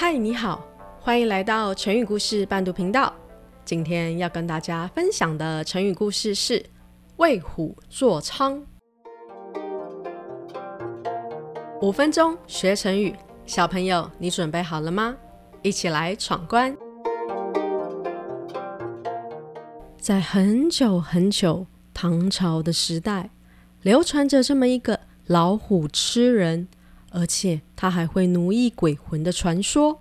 嗨，Hi, 你好，歡迎來到成語故事伴讀頻道。今天要跟大家分享的成語故事是“為虎作倀”。五分鐘學成語，小朋友，你準備好了嗎？一起來闖關。在很久很久唐朝的時代，流傳着這麼一個老虎吃人。而且，他還會奴役鬼魂的傳說。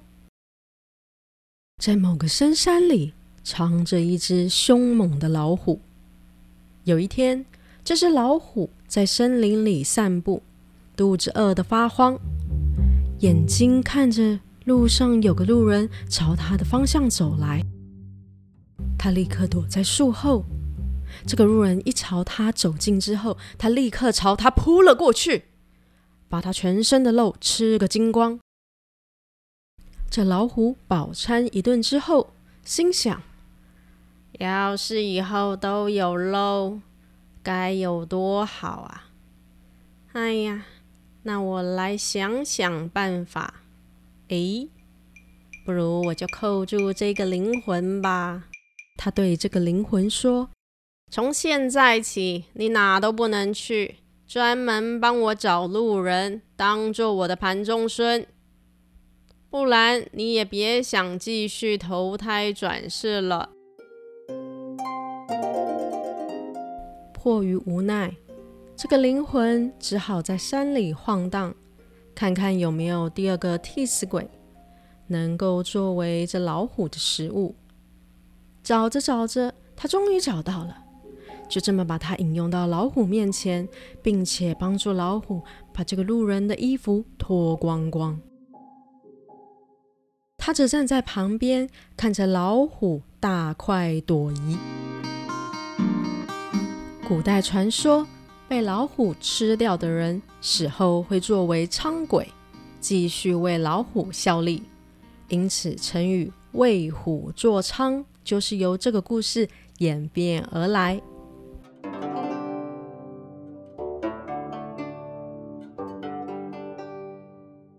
在某個深山裡，藏着一隻凶猛的老虎。有一天，這隻老虎在森林裡散步，肚子餓得發慌，眼睛看着路上有個路人朝他的方向走來，他立刻躲在樹後。這個路人一朝他走近之後，他立刻朝他撲了過去。把他全身的肉吃個精光。這老虎飽餐一頓之後，心想：要是以後都有肉，該有多好啊！哎呀，那我來想想辦法。誒，不如我就扣住這個靈魂吧。他對這個靈魂說：“從現在起，你哪都不能去。”專門幫我找路人，當做我的盤中飧，不然你也別想繼續投胎轉世了。迫於無奈，這個靈魂只好在山裡晃蕩，看看有沒有第二個替死鬼能夠作為這老虎的食物。找着找着，他終於找到了。就這麼把它引誘到老虎面前，並且幫助老虎把這個路人的衣服脫光光。他只站在旁邊看着老虎大快朵頤。古代傳說，被老虎吃掉的人死後會作為倀鬼，繼續為老虎效力。因此，成語“為虎作倀”就是由這個故事演變而來。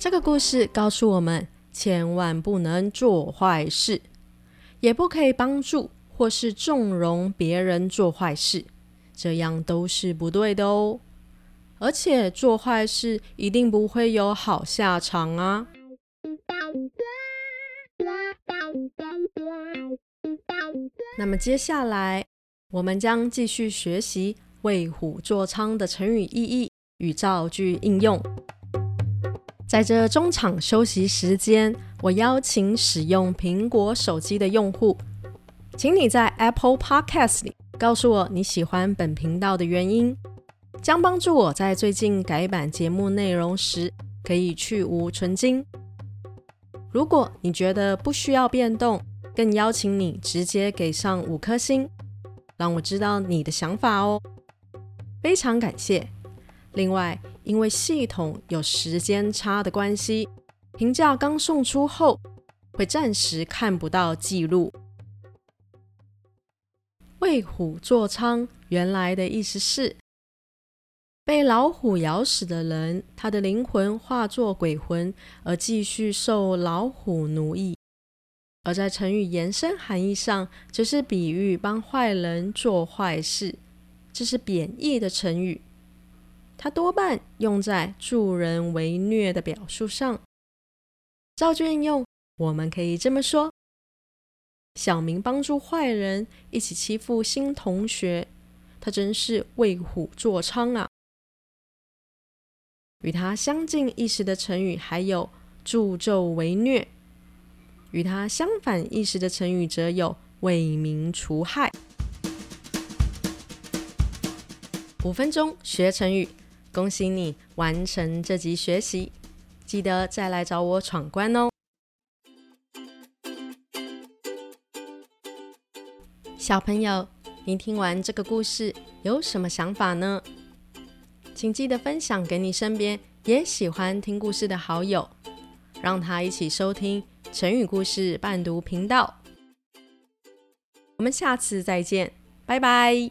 這個故事告訴我們，千萬不能做壞事，也不可以幫助或是縱容別人做壞事，這樣都是不對的哦。而且做壞事一定不會有好下場啊。那麼接下來，我們將繼續學習“為虎作倀”的成語意義與造句應用。在這中場休息時間，我邀請使用蘋果手機的用戶，請你在 Apple Podcast 裡告訴我你喜歡本頻道的原因，將幫助我在最近改版節目內容時可以去蕪存菁。如果你覺得不需要變動，更邀請你直接給上五顆星，讓我知道你的想法哦。非常感謝。另外，因為系統有時間差的關係，評價剛送出後，會暫時看不到記錄。為虎作倀，原來的意思是被老虎咬死的人，他的靈魂化作鬼魂，而繼續受老虎奴役；而在成語延伸含義上，則是比喻幫壞人做壞事，這是貶義的成語。他多半用在助人為虐的表述上。造句應用，我們可以這麼說：小明幫助壞人一起欺負新同學，他真是為虎作倀啊！與他相近意思的成語還有助紂為虐；與他相反意思的成語則有為民除害。五分鐘學成語。恭喜你完成這集學習，記得再來找我闖關哦！小朋友，你聽完這個故事有什麼想法呢？請記得分享給你身邊也喜歡聽故事的好友，讓他一起收聽成語故事伴讀頻道。我們下次再見，拜拜！